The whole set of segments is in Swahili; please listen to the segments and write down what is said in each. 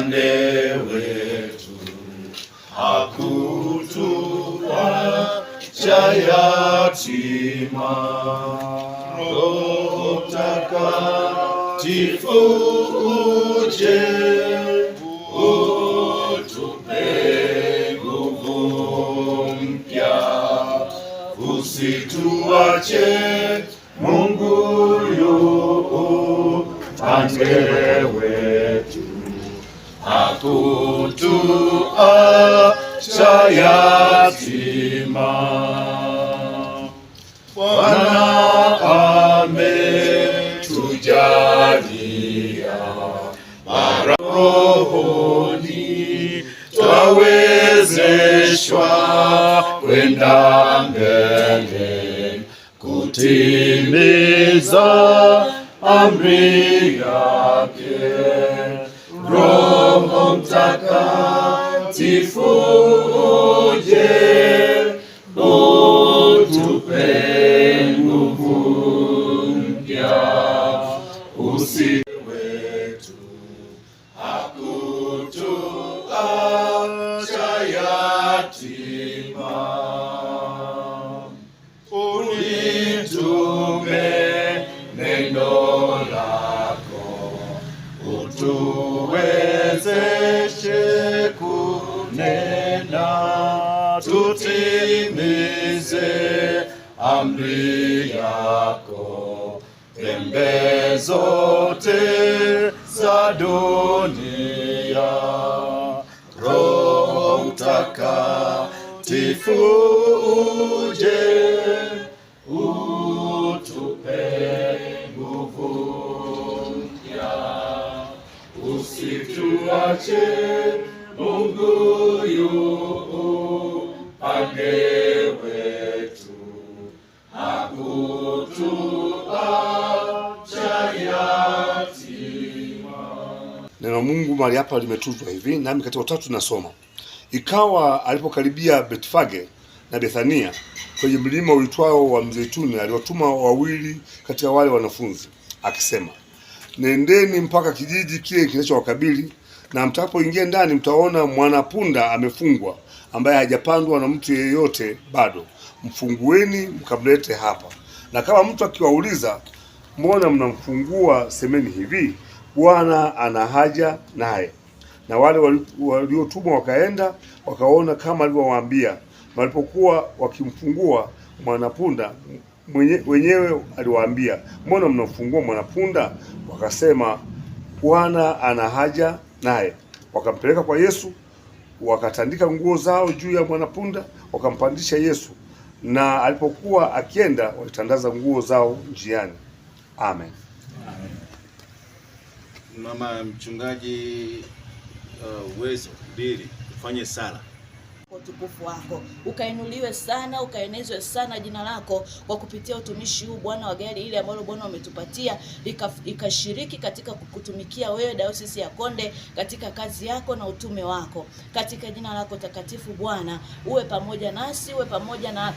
upande wetu hakutuacha yatima. Roho Mtakatifu uje utupe nguvu mpya, usituache Mungu yu upande wetu hakutuacha yatima. Bwana ametujalia mara rohoni, twawezeshwa kwenda mbele kutimiza amri yake. Roho Mtakatifu uje utupe nguvu mpya. Usi wetu hakutuacha yatima, unitume neno lako utu tutimize amri yako pembe zote za dunia. Roho Mtakatifu uje utupe nguvu ya usituache Mungu yu Neno Mungu mahali hapa limetuzwa hivi, nami katika utatu nasoma: ikawa alipokaribia Betfage na Bethania kwenye mlima uitwao wa Mzeituni, aliwatuma wawili katika wale wanafunzi akisema, nendeni mpaka kijiji kile kinachowakabili na mtakapoingia ndani, mtaona mwanapunda amefungwa ambaye hajapandwa na mtu yeyote bado, mfungueni mkamlete hapa. Na kama mtu akiwauliza mbona mnamfungua, semeni hivi, Bwana ana haja naye. Na wale waliotumwa wakaenda wakaona kama alivyowaambia. Walipokuwa wakimfungua mwanapunda mwenye, wenyewe aliwaambia, mbona mnamfungua mwanapunda? Wakasema Bwana ana haja naye. Wakampeleka kwa Yesu wakatandika nguo zao juu ya mwanapunda wakampandisha Yesu, na alipokuwa akienda walitandaza nguo zao njiani. Amen. Amen. Mama mchungaji, uh, uwezo mbili, ufanye sala wako, utukufu wako, ukainuliwe sana, ukaenezwe sana jina lako kwa kupitia utumishi huu Bwana wa gari ile ambalo Bwana umetupatia ikashiriki katika kukutumikia wewe Dayosisi ya Konde katika kazi yako na utume wako, katika jina lako takatifu Bwana uwe pamoja nasi, uwe pamoja na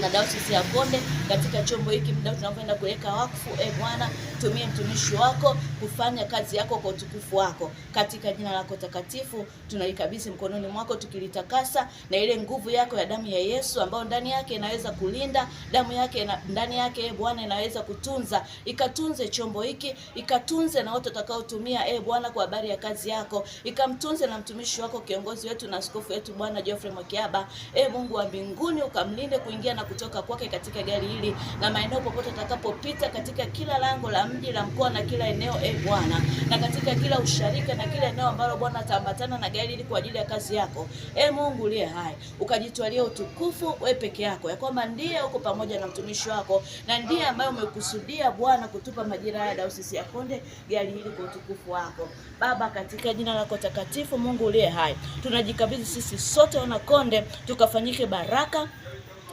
na Dayosisi ya Konde katika chombo hiki, muda tunapoenda kuweka wakfu. E Bwana, tumie mtumishi wako kufanya kazi yako kwa utukufu wako, katika jina lako takatifu tunalikabidhi mkononi mwako, tukilitakasa na ile nguvu yako ya damu ya Yesu ambayo ndani yake inaweza kulinda, damu yake na, ndani yake e Bwana inaweza kutunza, ikatunze chombo hiki, ikatunze na watu watakaotumia e Bwana kwa habari ya kazi yako, ikamtunze na mtumishi wako kiongozi wetu na askofu wetu Bwana Geoffrey Mwakiaba. E Mungu wa mbinguni, ukamlinde kuingia na kutoka kwake katika gari hili na maeneo popote atakapopita, katika kila lango la mji la mkoa na kila eneo e Bwana, na katika kila usharika na kila eneo ambalo Bwana ataambatana na gari hili kwa ajili ya kazi yako e Mungu uliye hai, ukajitwalia utukufu wewe peke yako, ya kwamba ndiye uko pamoja na mtumishi wako na ndiye ambaye umekusudia Bwana kutupa majira haya Dayosisi ya Konde gari hili kwa utukufu wako Baba, katika jina lako takatifu Mungu uliye hai, tunajikabidhi sisi sote wana Konde tukafanyike baraka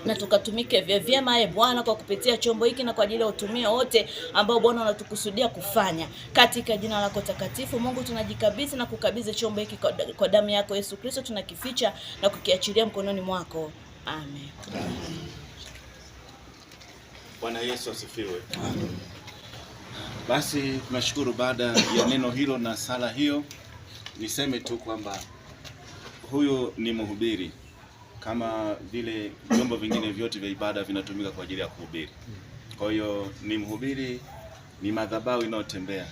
na tukatumike vya vyema, e Bwana, kwa kupitia chombo hiki na kwa ajili ya utumia wote ambao Bwana unatukusudia kufanya katika jina lako takatifu. Mungu, tunajikabidhi na kukabidhi chombo hiki kwa, damu yako Yesu Kristo, tunakificha na kukiachilia mkononi mwako. Amen. Bwana Yesu asifiwe. Basi tunashukuru baada ya neno hilo na sala hiyo, niseme tu kwamba huyu ni mhubiri kama vile vyombo vingine vyote vya ibada vinatumika kwa ajili ya kuhubiri. Kwa hiyo ni mhubiri, ni madhabahu inayotembea.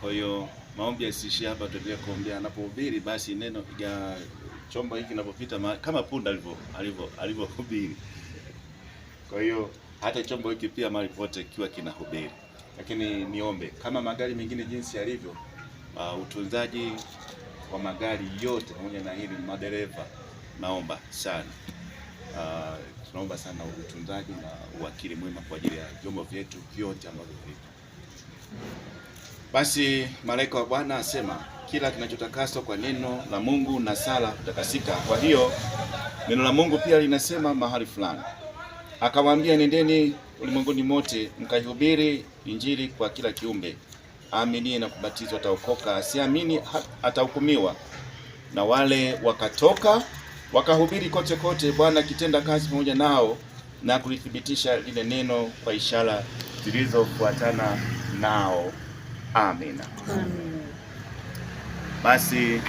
Kwa hiyo maombi yasiishie hapa, tuendelee kuombea anapohubiri, basi neno ya chombo hiki kinapopita kama punda alivyo alivyo alivyohubiri. Kwa hiyo hata chombo hiki pia mahali pote kiwa kinahubiri. Lakini niombe kama magari mengine jinsi yalivyo, uh, utunzaji wa magari yote pamoja na hili madereva naomba sana uh, tunaomba sana utunzaji na uwakili mwema kwa ajili ya vyombo vyetu vyote ambavyo vipo. Basi malaika wa Bwana asema kila kinachotakaswa kwa neno la Mungu na sala kutakasika. Kwa hiyo neno la Mungu pia linasema mahali fulani, akawaambia nendeni ulimwenguni mote mkaihubiri Injili kwa kila kiumbe, aaminie na kubatizwa ataokoka, asiamini atahukumiwa. Na wale wakatoka wakahubiri kote kote, Bwana akitenda kazi pamoja nao na kulithibitisha lile neno kwa ishara zilizofuatana nao. Amina. Amen. Basi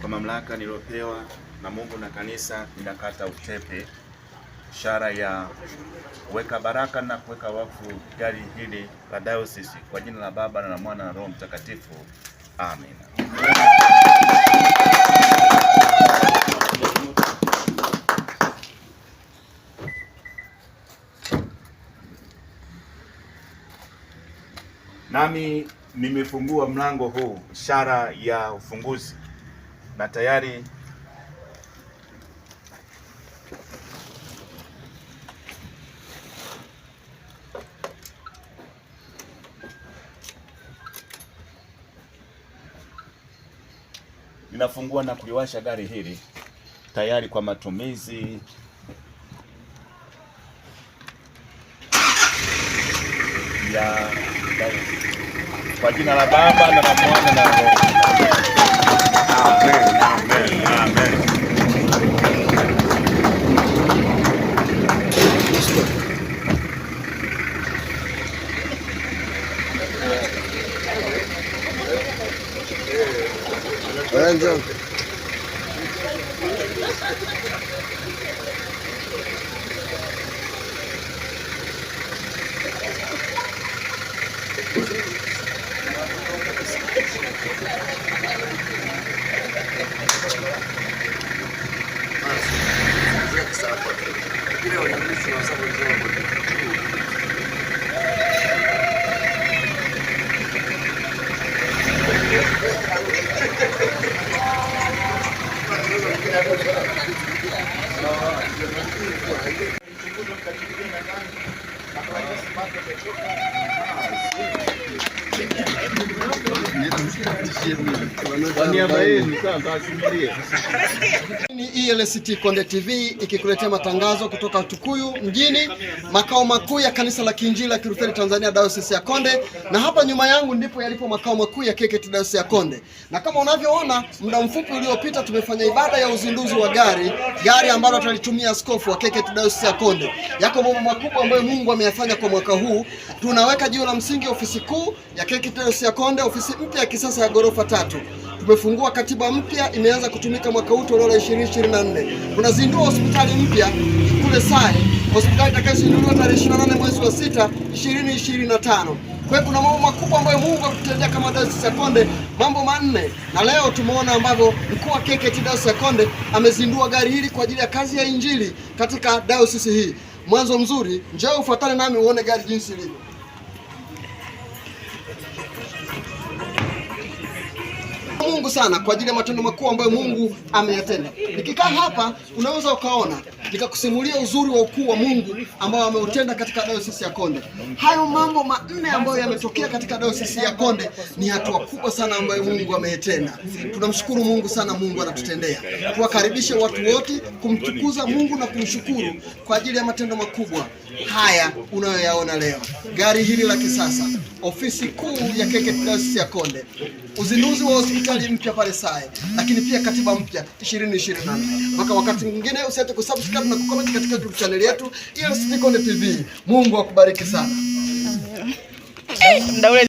kwa mamlaka niliyopewa na Mungu na kanisa, ninakata utepe ishara ya kuweka baraka na kuweka wakfu gari hili la dayosisi kwa jina la Baba na la Mwana na Roho Mtakatifu. Amina. Nami nimefungua mlango huu, ishara ya ufunguzi, na tayari ninafungua na kuliwasha gari hili tayari kwa matumizi Yeah. Kwa jina la Baba na la Mwana na Roho. Amen. Amen. Amen. Amen. அஞ்சு மணிக்கு Kwa ELCT Konde TV ikikuletea matangazo kutoka Tukuyu mjini, makao makuu ya kanisa la Kiinjili la Kilutheri Tanzania Diocese ya Konde, na hapa nyuma yangu ndipo yalipo makao makuu ya KKKT Diocese ya Konde. Na kama unavyoona, muda mfupi uliopita tumefanya ibada ya uzinduzi wa gari, gari ambalo tutalitumia askofu wa KKKT Diocese ya Konde. Yako mambo makubwa ambayo Mungu ameyafanya kwa mwaka huu. Tunaweka jiwe la msingi ofisi kuu ya KKKT Diocese ya Konde, ofisi mpya ya kisasa ya gorofa taifa tatu. Tumefungua katiba mpya imeanza kutumika mwaka huu toleo la 2024. Tunazindua hospitali mpya kule Sai, hospitali itakayozinduliwa tarehe 28 mwezi wa 6 2025. Kwa hiyo kuna mambo makubwa ambayo Mungu akutendea kama Dayosisi ya Konde, mambo manne, na leo tumeona ambavyo mkuu wa KKKT Dayosisi ya Konde amezindua gari hili kwa ajili ya kazi ya injili katika dayosisi hii. Mwanzo mzuri, njoo ufuatane nami uone gari jinsi lilivyo. Mungu sana kwa ajili ya matendo makuu ambayo Mungu ameyatenda. Nikikaa hapa, unaweza ukaona nikakusimulia uzuri wa ukuu wa Mungu ambao ameutenda katika dayosisi ya Konde. Hayo mambo manne ambayo yametokea katika dayosisi ya Konde ni hatua kubwa sana ambayo Mungu ameyatenda. Tunamshukuru Mungu sana, Mungu anatutendea. Tuwakaribishe watu wote kumtukuza Mungu na kumshukuru kwa ajili ya matendo makubwa haya unayoyaona leo, gari hili la kisasa, ofisi kuu ya KKKT dayosisi ya Konde, uzinduzi wa hospitali mpya pale SAE, lakini pia katiba mpya 2024. Mpaka wakati mwingine, usiache kusubscribe na kucomment katika YouTube channel yetu ELCT Konde TV. Mungu akubariki sana. Eh,